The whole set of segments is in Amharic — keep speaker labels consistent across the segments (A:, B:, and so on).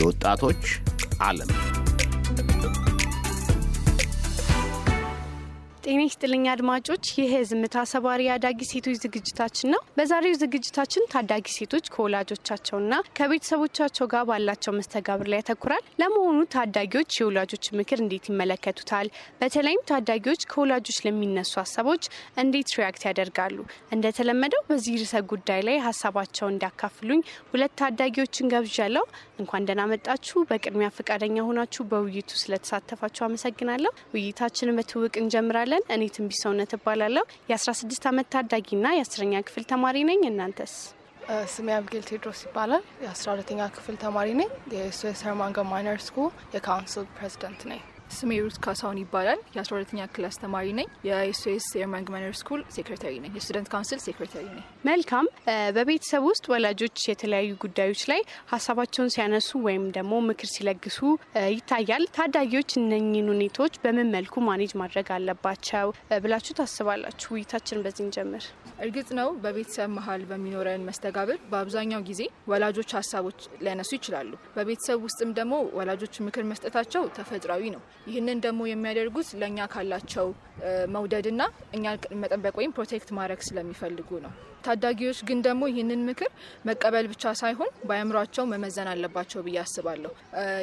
A: የወጣቶች ዓለም
B: ጤና ይስጥልኝ አድማጮች፣ ይህ ዝምታ ሰባሪ አዳጊ ሴቶች ዝግጅታችን ነው። በዛሬው ዝግጅታችን ታዳጊ ሴቶች ከወላጆቻቸውና ከቤተሰቦቻቸው ጋር ባላቸው መስተጋብር ላይ ያተኩራል። ለመሆኑ ታዳጊዎች የወላጆች ምክር እንዴት ይመለከቱታል? በተለይም ታዳጊዎች ከወላጆች ለሚነሱ ሀሳቦች እንዴት ሪያክት ያደርጋሉ? እንደተለመደው በዚህ ርዕሰ ጉዳይ ላይ ሀሳባቸውን እንዲያካፍሉኝ ሁለት ታዳጊዎችን ጋብዣለሁ። እንኳን ደህና መጣችሁ። በቅድሚያ ፈቃደኛ ሆናችሁ በውይይቱ ስለተሳተፋችሁ አመሰግናለሁ። ውይይታችንን በትውውቅ እንጀምራለን። እንላለን። እኔ ትንቢት ሰውነት እባላለሁ። የ16 ዓመት ታዳጊና የአስረኛ ክፍል ተማሪ ነኝ። እናንተስ?
C: ስሜ አብጌል ቴድሮስ ይባላል። የ12ኛ ክፍል ተማሪ ነኝ። የሶ ሰርማንጋ ማይነር ስኩል የካውንስል ፕሬዚደንት ነኝ። ስሜ ሩት ካሳሁን ይባላል። የ12ኛ ክላስ ተማሪ ነኝ።
A: የኤስኤስ የርማንግ መነር ስኩል ሴክሬታሪ ነኝ። የስቱደንት ካውንስል ሴክሬታሪ ነኝ።
B: መልካም። በቤተሰብ ውስጥ ወላጆች የተለያዩ ጉዳዮች ላይ ሀሳባቸውን ሲያነሱ ወይም ደግሞ ምክር ሲለግሱ ይታያል። ታዳጊዎች እነኚህን ሁኔታዎች በምን መልኩ ማኔጅ ማድረግ አለባቸው ብላችሁ ታስባላችሁ? ውይይታችን በዚህ ጀምር።
A: እርግጥ ነው በቤተሰብ መሀል በሚኖረን መስተጋብር በአብዛኛው ጊዜ ወላጆች ሀሳቦች ሊያነሱ ይችላሉ። በቤተሰብ ውስጥም ደግሞ ወላጆች ምክር መስጠታቸው ተፈጥሯዊ ነው። ይህንን ደግሞ የሚያደርጉት ለእኛ ካላቸው መውደድና እኛ መጠበቅ ወይም ፕሮቴክት ማድረግ ስለሚፈልጉ ነው። ታዳጊዎች ግን ደግሞ ይህንን ምክር መቀበል ብቻ ሳይሆን በአእምሯቸው መመዘን አለባቸው ብዬ አስባለሁ።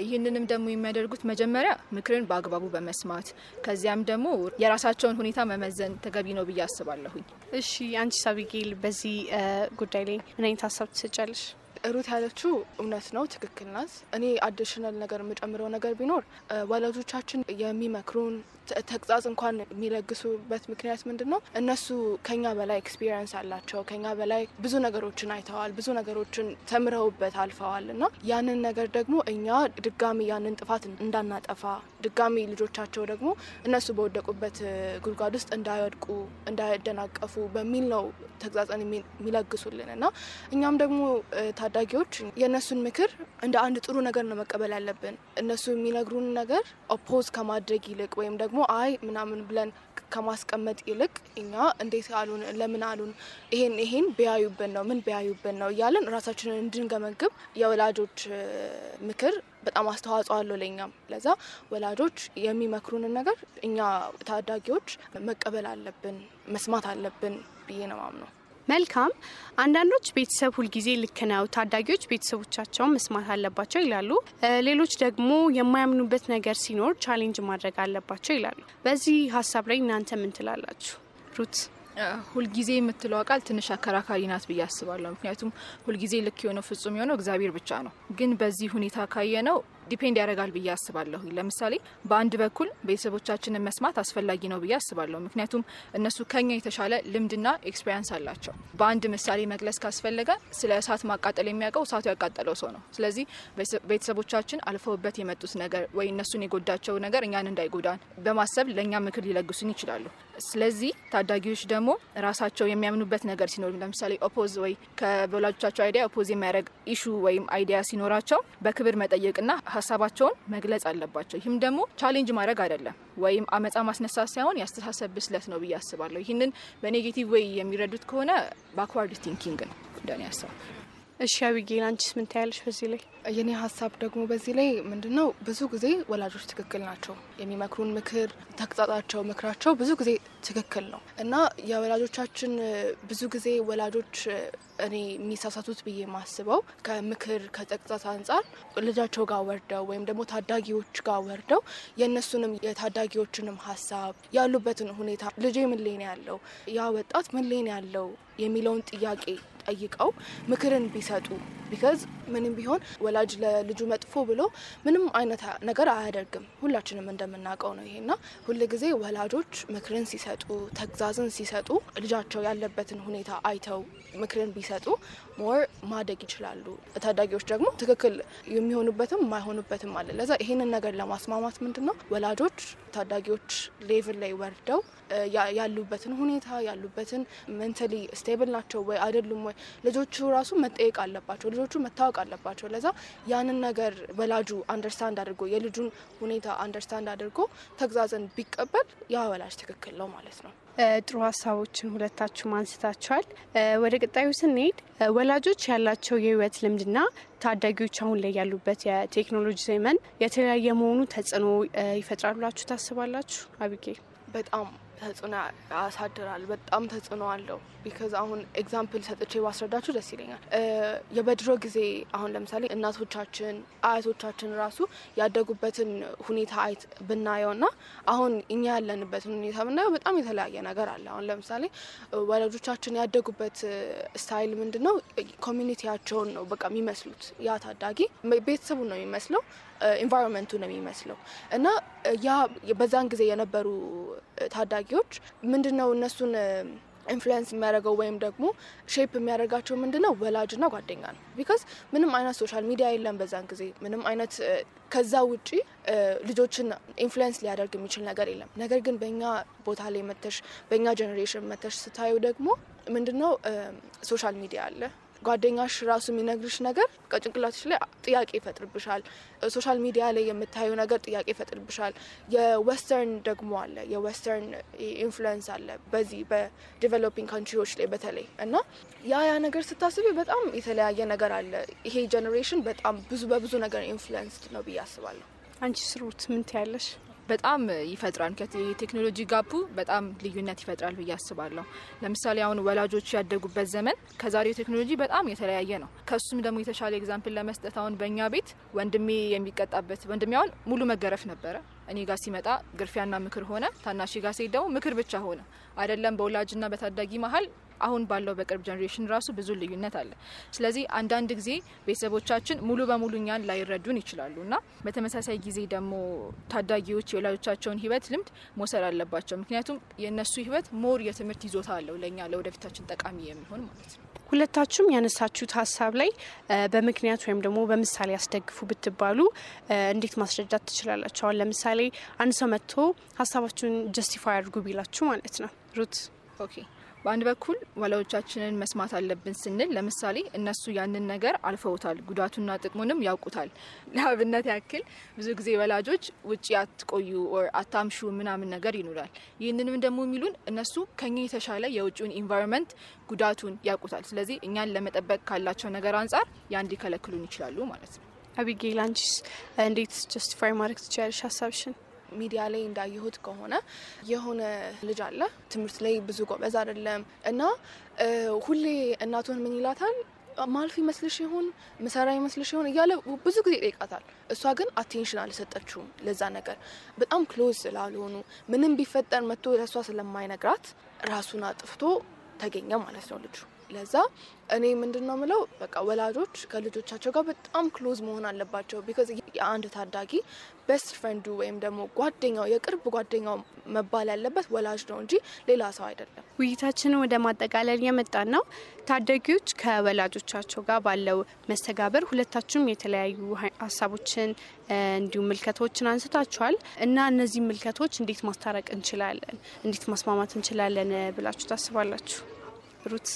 A: ይህንንም ደግሞ የሚያደርጉት መጀመሪያ ምክርን በአግባቡ በመስማት ከዚያም ደግሞ የራሳቸውን ሁኔታ መመዘን ተገቢ ነው ብዬ አስባለሁኝ።
B: እሺ፣ አንቺ ሳቢጌል በዚህ ጉዳይ ላይ ምን አይነት ሀሳብ ትሰጫለሽ? ሩት ያለችው እውነት ነው፣ ትክክል ናት። እኔ አዲሽናል ነገር የምጨምረው
C: ነገር ቢኖር ወላጆቻችን የሚመክሩን ተግጻጽ እንኳን የሚለግሱበት ምክንያት ምንድን ነው? እነሱ ከኛ በላይ ኤክስፒሪየንስ አላቸው። ከኛ በላይ ብዙ ነገሮችን አይተዋል፣ ብዙ ነገሮችን ተምረውበት አልፈዋል እና ያንን ነገር ደግሞ እኛ ድጋሚ ያንን ጥፋት እንዳናጠፋ ድጋሚ ልጆቻቸው ደግሞ እነሱ በወደቁበት ጉድጓድ ውስጥ እንዳይወድቁ እንዳይደናቀፉ በሚል ነው ተግጻጽን የሚለግሱልን እና እኛም ደግሞ ታዳጊዎች የእነሱን ምክር እንደ አንድ ጥሩ ነገር ነው መቀበል ያለብን። እነሱ የሚነግሩን ነገር ኦፖዝ ከማድረግ ይልቅ ወይም ደግሞ አይ ምናምን ብለን ከማስቀመጥ ይልቅ እኛ እንዴት አሉን፣ ለምን አሉን፣ ይሄን ይሄን ቢያዩብን ነው ምን ቢያዩብን ነው እያለን ራሳችንን እንድንገመግብ የወላጆች ምክር በጣም አስተዋጽኦ አለው ለእኛም። ለዛ ወላጆች የሚመክሩንን ነገር እኛ ታዳጊዎች መቀበል አለብን፣ መስማት አለብን
B: ብዬ ነው ማምነው። መልካም። አንዳንዶች ቤተሰብ ሁልጊዜ ልክ ነው፣ ታዳጊዎች ቤተሰቦቻቸውን መስማት አለባቸው ይላሉ። ሌሎች ደግሞ የማያምኑበት ነገር ሲኖር ቻሌንጅ ማድረግ አለባቸው ይላሉ። በዚህ ሀሳብ ላይ እናንተ ምን ትላላችሁ? ሩት ሁልጊዜ የምትለው ቃል ትንሽ አከራካሪ ናት ብዬ አስባለሁ። ምክንያቱም
A: ሁልጊዜ ልክ የሆነው ፍጹም የሆነው እግዚአብሔር ብቻ ነው። ግን በዚህ ሁኔታ ካየ ነው ዲፔንድ ያደርጋል ብዬ አስባለሁ። ለምሳሌ በአንድ በኩል ቤተሰቦቻችንን መስማት አስፈላጊ ነው ብዬ አስባለሁ። ምክንያቱም እነሱ ከኛ የተሻለ ልምድና ኤክስፔሪንስ አላቸው። በአንድ ምሳሌ መግለጽ ካስፈለገ ስለ እሳት ማቃጠል የሚያውቀው እሳቱ ያቃጠለው ሰው ነው። ስለዚህ ቤተሰቦቻችን አልፈውበት የመጡት ነገር ወይ እነሱን የጎዳቸው ነገር እኛን እንዳይጎዳን በማሰብ ለእኛ ምክር ሊለግሱን ይችላሉ። ስለዚህ ታዳጊዎች ደግሞ ራሳቸው የሚያምኑበት ነገር ሲኖር ለምሳሌ ኦፖዝ ወይ ከወላጆቻቸው አይዲያ ኦፖዝ የሚያደርግ ኢሹ ወይም አይዲያ ሲኖራቸው በክብር መጠየቅና ሀሳባቸውን መግለጽ አለባቸው። ይህም ደግሞ ቻሌንጅ ማድረግ አይደለም ወይም አመፃ ማስነሳት ሳይሆን ያስተሳሰብ ብስለት ነው ብዬ አስባለሁ። ይህንን በኔጌቲቭ ወይ የሚረዱት ከሆነ ባክዋርድ ቲንኪንግ ነው እንደኔ ያሰብ
C: እሺ አብጌል አንቺስ ምን ታያለሽ በዚህ ላይ? የኔ ሀሳብ ደግሞ በዚህ ላይ ምንድን ነው ብዙ ጊዜ ወላጆች ትክክል ናቸው። የሚመክሩን ምክር፣ ተግጣጣቸው፣ ምክራቸው ብዙ ጊዜ ትክክል ነው እና የወላጆቻችን ብዙ ጊዜ ወላጆች እኔ የሚሳሳቱት ብዬ ማስበው ከምክር ከተግጣጣ አንጻር ልጃቸው ጋር ወርደው ወይም ደግሞ ታዳጊዎች ጋር ወርደው የእነሱንም የታዳጊዎችንም ሀሳብ ያሉበትን ሁኔታ ልጄ ምን ላይ ነው ያለው፣ ያ ወጣት ምን ላይ ነው ያለው የሚለውን ጥያቄ ጠይቀው ምክርን ቢሰጡ ቢከዝ ምንም ቢሆን ወላጅ ለልጁ መጥፎ ብሎ ምንም አይነት ነገር አያደርግም። ሁላችንም እንደምናውቀው ነው ይሄና ጊዜ ወላጆች ምክርን ሲሰጡ፣ ተግዛዝን ሲሰጡ ልጃቸው ያለበትን ሁኔታ አይተው ምክርን ቢሰጡ ሞር ማደግ ይችላሉ። ታዳጊዎች ደግሞ ትክክል የሚሆኑበትም ማይሆኑበትም አለ። ለዛ ይሄንን ነገር ለማስማማት ምንድን ነው ወላጆች ታዳጊዎች ሌቭል ላይ ወርደው ያሉበትን ሁኔታ ያሉበትን ሜንታሊ ስቴብል ናቸው ወይ አይደሉም ተጠቅሟል። ልጆቹ ራሱ መጠየቅ አለባቸው፣ ልጆቹ መታወቅ አለባቸው። ለዛ ያንን ነገር ወላጁ አንደርስታንድ አድርጎ የልጁን ሁኔታ አንደርስታንድ አድርጎ ተግዛዘን ቢቀበል ያ ወላጅ ትክክል ነው ማለት ነው።
B: ጥሩ ሀሳቦችን ሁለታችሁ አንስታችኋል። ወደ ቀጣዩ ስንሄድ ወላጆች ያላቸው የህይወት ልምድና ታዳጊዎች አሁን ላይ ያሉበት የቴክኖሎጂ ዘመን የተለያየ መሆኑ ተጽዕኖ ይፈጥራሉላችሁ ታስባላችሁ? አብጌ
C: በጣም ተጽዕኖ ያሳድራል። በጣም ተጽዕኖ አለው። ቢካዝ አሁን ኤግዛምፕል ሰጥቼ ባስረዳችሁ ደስ ይለኛል። የበድሮ ጊዜ አሁን ለምሳሌ እናቶቻችን፣ አያቶቻችን ራሱ ያደጉበትን ሁኔታ አይት ብናየው ና አሁን እኛ ያለንበትን ሁኔታ ብናየው በጣም የተለያየ ነገር አለ። አሁን ለምሳሌ ወላጆቻችን ያደጉበት ስታይል ምንድን ነው? ኮሚኒቲያቸውን ነው በቃ የሚመስሉት። ያ ታዳጊ ቤተሰቡን ነው የሚመስለው ኢንቫይሮንመንቱ ነው የሚመስለው እና ያ በዛን ጊዜ የነበሩ ታዳጊዎች ምንድነው እነሱን ኢንፍሉዌንስ የሚያደርገው ወይም ደግሞ ሼፕ የሚያደርጋቸው ምንድነው ወላጅና ጓደኛ ነው። ቢካዝ ምንም አይነት ሶሻል ሚዲያ የለም በዛን ጊዜ ምንም አይነት ከዛ ውጪ ልጆችን ኢንፍሉዌንስ ሊያደርግ የሚችል ነገር የለም። ነገር ግን በእኛ ቦታ ላይ መተሽ በእኛ ጀኔሬሽን መተሽ ስታዩ ደግሞ ምንድነው ሶሻል ሚዲያ አለ ጓደኛሽ ራሱ የሚነግርሽ ነገር ከጭንቅላትሽ ላይ ጥያቄ ይፈጥርብሻል። ሶሻል ሚዲያ ላይ የምታየው ነገር ጥያቄ ይፈጥርብሻል። የወስተርን ደግሞ አለ፣ የወስተርን ኢንፍሉዌንስ አለ በዚህ በዲቨሎፒንግ ካንትሪዎች ላይ በተለይ እና ያ ያ ነገር ስታስቢ በጣም የተለያየ ነገር አለ። ይሄ ጀኔሬሽን በጣም ብዙ በብዙ ነገር ኢንፍሉዌንስድ ነው ብዬ አስባለሁ።
A: አንቺ ስሩት ምን ትያለሽ? በጣም ይፈጥራል። ከቴክኖሎጂ ጋፑ በጣም ልዩነት ይፈጥራል ብዬ አስባለሁ። ለምሳሌ አሁን ወላጆች ያደጉበት ዘመን ከዛሬው ቴክኖሎጂ በጣም የተለያየ ነው። ከሱም ደግሞ የተሻለ ኤግዛምፕል ለመስጠት አሁን በእኛ ቤት ወንድሜ የሚቀጣበት ወንድሜ አሁን ሙሉ መገረፍ ነበረ። እኔ ጋር ሲመጣ ግርፊያና ምክር ሆነ። ታናሽ ጋር ሲሄድ ደግሞ ምክር ብቻ ሆነ። አይደለም በወላጅና በታዳጊ መሀል አሁን ባለው በቅርብ ጀኔሬሽን ራሱ ብዙ ልዩነት አለ። ስለዚህ አንዳንድ ጊዜ ቤተሰቦቻችን ሙሉ በሙሉ እኛን ላይረዱን ይችላሉ እና በተመሳሳይ ጊዜ ደግሞ ታዳጊዎች የወላጆቻቸውን ህይወት ልምድ መውሰድ አለባቸው። ምክንያቱም የእነሱ ህይወት ሞር የትምህርት ይዞታ አለው ለእኛ ለወደፊታችን ጠቃሚ የሚሆን ማለት ነው።
B: ሁለታችሁም ያነሳችሁት ሀሳብ ላይ በምክንያት ወይም ደግሞ በምሳሌ ያስደግፉ ብትባሉ እንዴት ማስረዳት ትችላላችሁ? ለምሳሌ አንድ ሰው መጥቶ ሀሳባችሁን ጀስቲፋይ አድርጉ ቢላችሁ ማለት ነው ሩት ኦኬ በአንድ በኩል ወላጆቻችንን መስማት አለብን ስንል ለምሳሌ እነሱ
A: ያንን ነገር አልፈውታል፣ ጉዳቱና ጥቅሙንም ያውቁታል። ለአብነት ያክል ብዙ ጊዜ ወላጆች ውጭ አትቆዩ ኦር አታምሹ ምናምን ነገር ይኖራል። ይህንንም ደግሞ የሚሉን እነሱ ከኛ የተሻለ የውጭውን ኢንቫይሮንመንት ጉዳቱን ያውቁታል። ስለዚህ እኛን ለመጠበቅ ካላቸው
C: ነገር አንጻር ያን ሊከለክሉን ይችላሉ ማለት ነው።
B: አቢጌል አንቺስ እንዴት ጀስቲፋይ
C: ማድረግ ትችላለሽ ሀሳብሽን? ሚዲያ ላይ እንዳየሁት ከሆነ የሆነ ልጅ አለ ትምህርት ላይ ብዙ ጎበዝ አይደለም እና ሁሌ እናቱን ምን ይላታል ማልፍ ይመስልሽ ይሆን ምሰራ ይመስልሽ ይሆን እያለ ብዙ ጊዜ ይጠይቃታል። እሷ ግን አቴንሽን አልሰጠችውም ለዛ ነገር። በጣም ክሎዝ ስላልሆኑ ምንም ቢፈጠር መጥቶ ለእሷ ስለማይነግራት ራሱን አጥፍቶ ተገኘ ማለት ነው ልጁ። ለዛ እኔ ምንድን ነው ምለው በቃ ወላጆች ከልጆቻቸው ጋር በጣም ክሎዝ መሆን አለባቸው። ቢካዝ የአንድ ታዳጊ በስት ፍሬንዱ ወይም ደግሞ ጓደኛው የቅርብ ጓደኛው መባል ያለበት ወላጅ ነው እንጂ ሌላ ሰው አይደለም።
B: ውይይታችንን ወደ ማጠቃለል የመጣን ነው። ታዳጊዎች ከወላጆቻቸው ጋር ባለው መስተጋበር ሁለታችሁም የተለያዩ ሀሳቦችን እንዲሁም ምልከቶችን አንስታችኋል እና እነዚህ ምልከቶች እንዴት ማስታረቅ እንችላለን፣ እንዴት ማስማማት እንችላለን ብላችሁ ታስባላችሁ? ሩት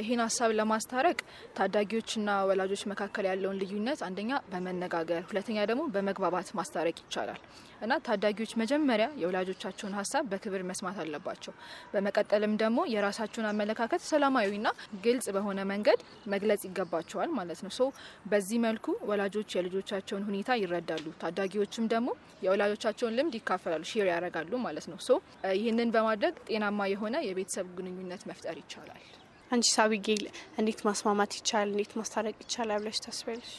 B: ይህን ሀሳብ ለማስታረቅ
A: ታዳጊዎችና ወላጆች መካከል ያለውን ልዩነት አንደኛ በመነጋገር ሁለተኛ ደግሞ በመግባባት ማስታረቅ ይቻላል እና ታዳጊዎች መጀመሪያ የወላጆቻቸውን ሀሳብ በክብር መስማት አለባቸው። በመቀጠልም ደግሞ የራሳቸውን አመለካከት ሰላማዊና ግልጽ በሆነ መንገድ መግለጽ ይገባቸዋል ማለት ነው። ሶ በዚህ መልኩ ወላጆች የልጆቻቸውን ሁኔታ ይረዳሉ፣ ታዳጊዎችም ደግሞ የወላጆቻቸውን ልምድ ይካፈላሉ፣ ሼር ያደርጋሉ ማለት ነው። ሶ ይህንን በማድረግ ጤናማ
B: የሆነ የቤተሰብ ግንኙነት መፍጠር ይቻላል። አንቺ ሳቢጌል እንዴት ማስማማት ይቻላል፣ እንዴት ማስታረቅ ይቻላል ብለሽ ታስቢያለሽ?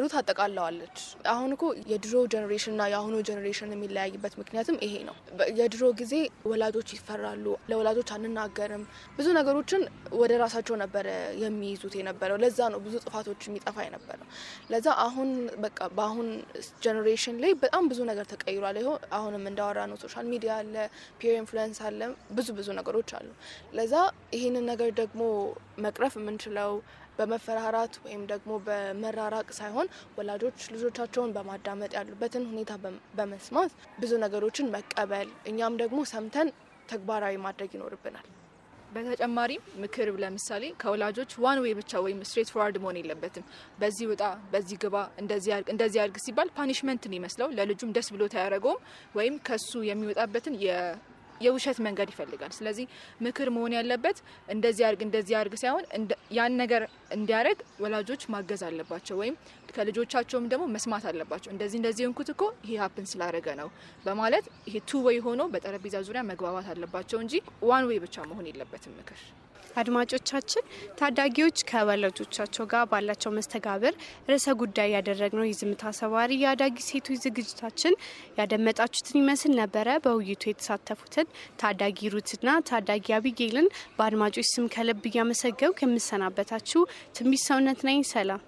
B: ሩት አጠቃለዋለች። አሁን እኮ የድሮ ጀኔሬሽን እና
C: የአሁኑ ጀኔሬሽን የሚለያይበት ምክንያትም ይሄ ነው። የድሮ ጊዜ ወላጆች ይፈራሉ፣ ለወላጆች አንናገርም፣ ብዙ ነገሮችን ወደ ራሳቸው ነበረ የሚይዙት የነበረው። ለዛ ነው ብዙ ጥፋቶች የሚጠፋ የነበረው። ለዛ አሁን በቃ በአሁን ጀኔሬሽን ላይ በጣም ብዙ ነገር ተቀይሯል። ይሆ አሁንም እንዳወራ ነው ሶሻል ሚዲያ አለ፣ ፒር ኢንፍሉዌንስ አለ፣ ብዙ ብዙ ነገሮች አሉ። ለዛ ይህንን ነገር ደግሞ መቅረፍ የምንችለው በመፈራራት ወይም ደግሞ በመራራቅ ሳይሆን ወላጆች ልጆቻቸውን በማዳመጥ ያሉበትን ሁኔታ በመስማት ብዙ ነገሮችን መቀበል እኛም ደግሞ ሰምተን ተግባራዊ ማድረግ ይኖርብናል።
A: በተጨማሪም ምክር ለምሳሌ ከወላጆች ዋን ዌይ ብቻ ወይም ስትሬት ፎርዋርድ መሆን የለበትም። በዚህ ውጣ፣ በዚህ ግባ፣ እንደዚህ አድርግ ሲባል ፓኒሽመንትን ይመስለው ለልጁም ደስ ብሎ አያደርገውም ወይም ከሱ የሚወጣበትን የውሸት መንገድ ይፈልጋል። ስለዚህ ምክር መሆን ያለበት እንደዚህ አርግ እንደዚህ አርግ ሳይሆን ያን ነገር እንዲያደርግ ወላጆች ማገዝ አለባቸው፣ ወይም ከልጆቻቸውም ደግሞ መስማት አለባቸው። እንደዚህ እንደዚህ እንኩት እኮ ይሄ ሀፕን ስላደረገ ነው በማለት ይሄ ቱ ወይ ሆኖ በጠረጴዛ ዙሪያ መግባባት አለባቸው እንጂ ዋን ወይ ብቻ መሆን የለበትም ምክር
B: አድማጮቻችን ታዳጊዎች ከወላጆቻቸው ጋር ባላቸው መስተጋብር ርዕሰ ጉዳይ ያደረግነው የዝምታ ሰባሪ የአዳጊ ሴቶች ዝግጅታችን ያደመጣችሁትን ይመስል ነበረ። በውይይቱ የተሳተፉትን ታዳጊ ሩትና ታዳጊ አቢጌልን በአድማጮች ስም ከልብ እያመሰገው ከምሰናበታችሁ ትንቢት ሰውነት ነኝ። ሰላም።